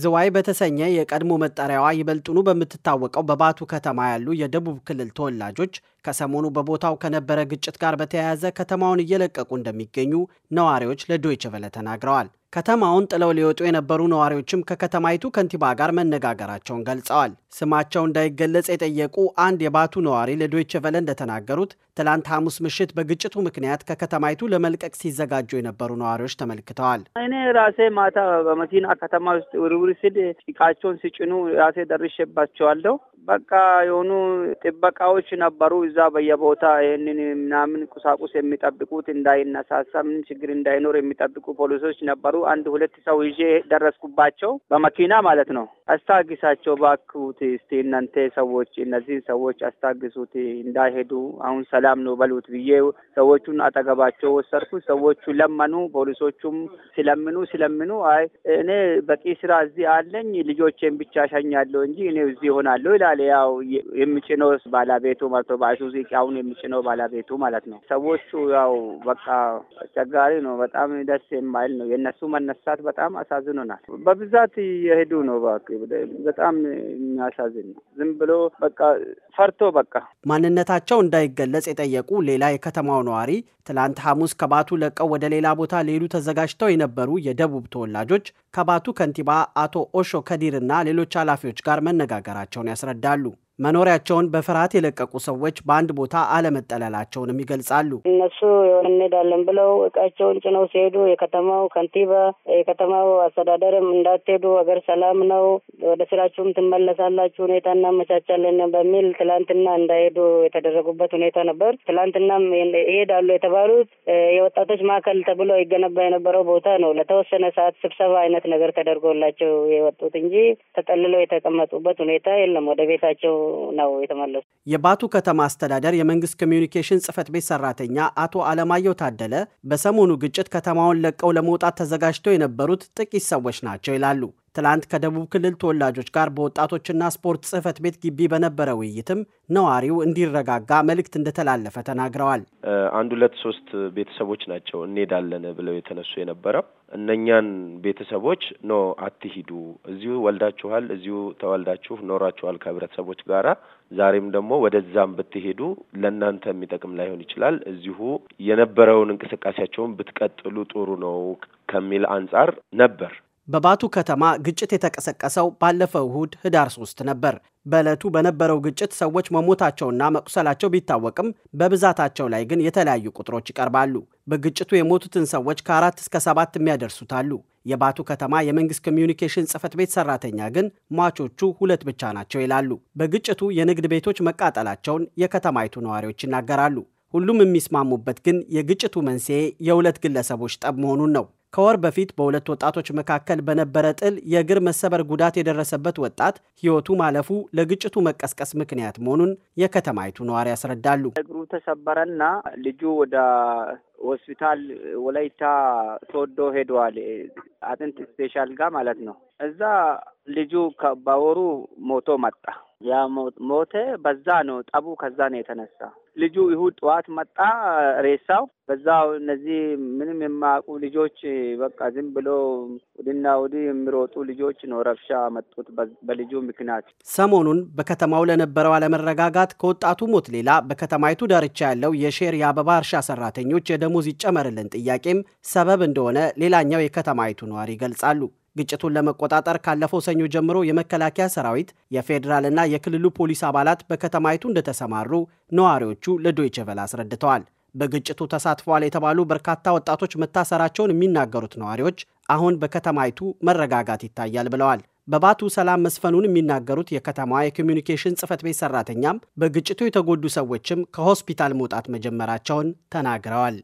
ዝዋይ በተሰኘ የቀድሞ መጠሪያዋ ይበልጡኑ በምትታወቀው በባቱ ከተማ ያሉ የደቡብ ክልል ተወላጆች ከሰሞኑ በቦታው ከነበረ ግጭት ጋር በተያያዘ ከተማውን እየለቀቁ እንደሚገኙ ነዋሪዎች ለዶይቸ ተናግረዋል። ከተማውን ጥለው ሊወጡ የነበሩ ነዋሪዎችም ከከተማይቱ ከንቲባ ጋር መነጋገራቸውን ገልጸዋል። ስማቸው እንዳይገለጽ የጠየቁ አንድ የባቱ ነዋሪ ለዶይቼ ቨለ እንደተናገሩት ትላንት ሐሙስ ምሽት በግጭቱ ምክንያት ከከተማይቱ ለመልቀቅ ሲዘጋጁ የነበሩ ነዋሪዎች ተመልክተዋል። እኔ ራሴ ማታ በመኪና ከተማ ውስጥ ውርውር ስል ጭቃቸውን ሲጭኑ ራሴ ደርሼባቸዋለሁ። በቃ የሆኑ ጥበቃዎች ነበሩ እዛ በየቦታ ይህንን ምናምን ቁሳቁስ የሚጠብቁት እንዳይነሳሳ ምን ችግር እንዳይኖር የሚጠብቁ ፖሊሶች ነበሩ። አንድ ሁለት ሰው ይዤ ደረስኩባቸው በመኪና ማለት ነው። አስታግሳቸው ባክሁት እስቲ እናንተ ሰዎች እነዚህን ሰዎች አስታግሱት እንዳይሄዱ አሁን ሰላም ነው በሉት ብዬ ሰዎቹን አጠገባቸው ወሰድኩ። ሰዎቹ ለመኑ፣ ፖሊሶቹም ሲለምኑ ሲለምኑ አይ እኔ በቂ ስራ እዚህ አለኝ ልጆቼን ብቻ ሸኛለሁ እንጂ እኔ እዚህ ይሆናለሁ ይላል ይችላል። ያው የሚጭነው ባለቤቱ ማለት ነው። በአይሱዙ እቃውን የሚጭነው ባለቤቱ ማለት ነው። ሰዎቹ ያው በቃ አስቸጋሪ ነው። በጣም ደስ የማይል ነው። የእነሱ መነሳት በጣም አሳዝኖናል። በብዛት የሄዱ ነው። በጣም የሚያሳዝን ነው። ዝም ብሎ በቃ ፈርቶ በቃ ማንነታቸው እንዳይገለጽ የጠየቁ ሌላ የከተማው ነዋሪ ትላንት ሐሙስ ከባቱ ለቀው ወደ ሌላ ቦታ ሊሄዱ ተዘጋጅተው የነበሩ የደቡብ ተወላጆች ከባቱ ከንቲባ አቶ ኦሾ ከዲር ከዲርና ሌሎች ኃላፊዎች ጋር መነጋገራቸውን ያስረዳል። ይወዳሉ። መኖሪያቸውን በፍርሃት የለቀቁ ሰዎች በአንድ ቦታ አለመጠለላቸውንም ይገልጻሉ። እነሱ የሆነ እንሄዳለን ብለው እቃቸውን ጭነው ሲሄዱ የከተማው ከንቲባ፣ የከተማው አስተዳደርም እንዳትሄዱ ሀገር ሰላም ነው፣ ወደ ስራችሁም ትመለሳላችሁ፣ ሁኔታ እናመቻቻለን በሚል ትላንትና እንዳይሄዱ የተደረጉበት ሁኔታ ነበር። ትላንትናም ይሄዳሉ የተባሉት የወጣቶች ማዕከል ተብሎ ይገነባ የነበረው ቦታ ነው። ለተወሰነ ሰዓት ስብሰባ አይነት ነገር ተደርጎላቸው የወጡት እንጂ ተጠልለው የተቀመጡበት ሁኔታ የለም። ወደ ቤታቸው ነው የተመለሱ። የባቱ ከተማ አስተዳደር የመንግስት ኮሚዩኒኬሽን ጽህፈት ቤት ሰራተኛ አቶ አለማየሁ ታደለ በሰሞኑ ግጭት ከተማውን ለቀው ለመውጣት ተዘጋጅተው የነበሩት ጥቂት ሰዎች ናቸው ይላሉ። ትላንት ከደቡብ ክልል ተወላጆች ጋር በወጣቶችና ስፖርት ጽህፈት ቤት ግቢ በነበረ ውይይትም ነዋሪው እንዲረጋጋ መልእክት እንደተላለፈ ተናግረዋል። አንድ ሁለት ሶስት ቤተሰቦች ናቸው እንሄዳለን ብለው የተነሱ የነበረው እነኛን ቤተሰቦች ኖ አትሂዱ፣ እዚሁ ወልዳችኋል፣ እዚሁ ተወልዳችሁ ኖራችኋል ከህብረተሰቦች ጋራ ዛሬም ደግሞ ወደዛም ብትሄዱ ለእናንተ የሚጠቅም ላይሆን ይችላል፣ እዚሁ የነበረውን እንቅስቃሴያቸውን ብትቀጥሉ ጥሩ ነው ከሚል አንጻር ነበር በባቱ ከተማ ግጭት የተቀሰቀሰው ባለፈው እሁድ ህዳር ሶስት ነበር። በዕለቱ በነበረው ግጭት ሰዎች መሞታቸውና መቁሰላቸው ቢታወቅም በብዛታቸው ላይ ግን የተለያዩ ቁጥሮች ይቀርባሉ። በግጭቱ የሞቱትን ሰዎች ከአራት እስከ ሰባት የሚያደርሱት አሉ። የባቱ ከተማ የመንግስት ኮሚዩኒኬሽን ጽህፈት ቤት ሰራተኛ ግን ሟቾቹ ሁለት ብቻ ናቸው ይላሉ። በግጭቱ የንግድ ቤቶች መቃጠላቸውን የከተማይቱ ነዋሪዎች ይናገራሉ። ሁሉም የሚስማሙበት ግን የግጭቱ መንስኤ የሁለት ግለሰቦች ጠብ መሆኑን ነው። ከወር በፊት በሁለት ወጣቶች መካከል በነበረ ጥል የእግር መሰበር ጉዳት የደረሰበት ወጣት ሕይወቱ ማለፉ ለግጭቱ መቀስቀስ ምክንያት መሆኑን የከተማይቱ ነዋሪ ያስረዳሉ። እግሩ ተሰበረና ልጁ ወደ ሆስፒታል ወላይታ ሶዶ ሄደዋል። አጥንት ስፔሻል ጋር ማለት ነው። እዛ ልጁ ባወሩ ሞቶ መጣ። ያ ሞተ። በዛ ነው ጠቡ፣ ከዛ ነው የተነሳ። ልጁ ይሁድ ጠዋት መጣ ሬሳው በዛው። እነዚህ ምንም የማያውቁ ልጆች በቃ ዝም ብሎ ወዲና ወዲ የሚሮጡ ልጆች ነው ረብሻ መጡት በልጁ ምክንያት። ሰሞኑን በከተማው ለነበረው አለመረጋጋት ከወጣቱ ሞት ሌላ በከተማይቱ ዳርቻ ያለው የሼር የአበባ እርሻ ሰራተኞች የደሞዝ ይጨመርልን ጥያቄም ሰበብ እንደሆነ ሌላኛው የከተማይቱ ነዋሪ ይገልጻሉ። ግጭቱን ለመቆጣጠር ካለፈው ሰኞ ጀምሮ የመከላከያ ሰራዊት የፌዴራልና የክልሉ ፖሊስ አባላት በከተማይቱ እንደተሰማሩ ነዋሪዎቹ ለዶይቸ አስረድተዋል። በግጭቱ ተሳትፈዋል የተባሉ በርካታ ወጣቶች መታሰራቸውን የሚናገሩት ነዋሪዎች አሁን በከተማይቱ መረጋጋት ይታያል ብለዋል። በባቱ ሰላም መስፈኑን የሚናገሩት የከተማዋ የኮሚዩኒኬሽን ጽፈት ቤት ሰራተኛም በግጭቱ የተጎዱ ሰዎችም ከሆስፒታል መውጣት መጀመራቸውን ተናግረዋል።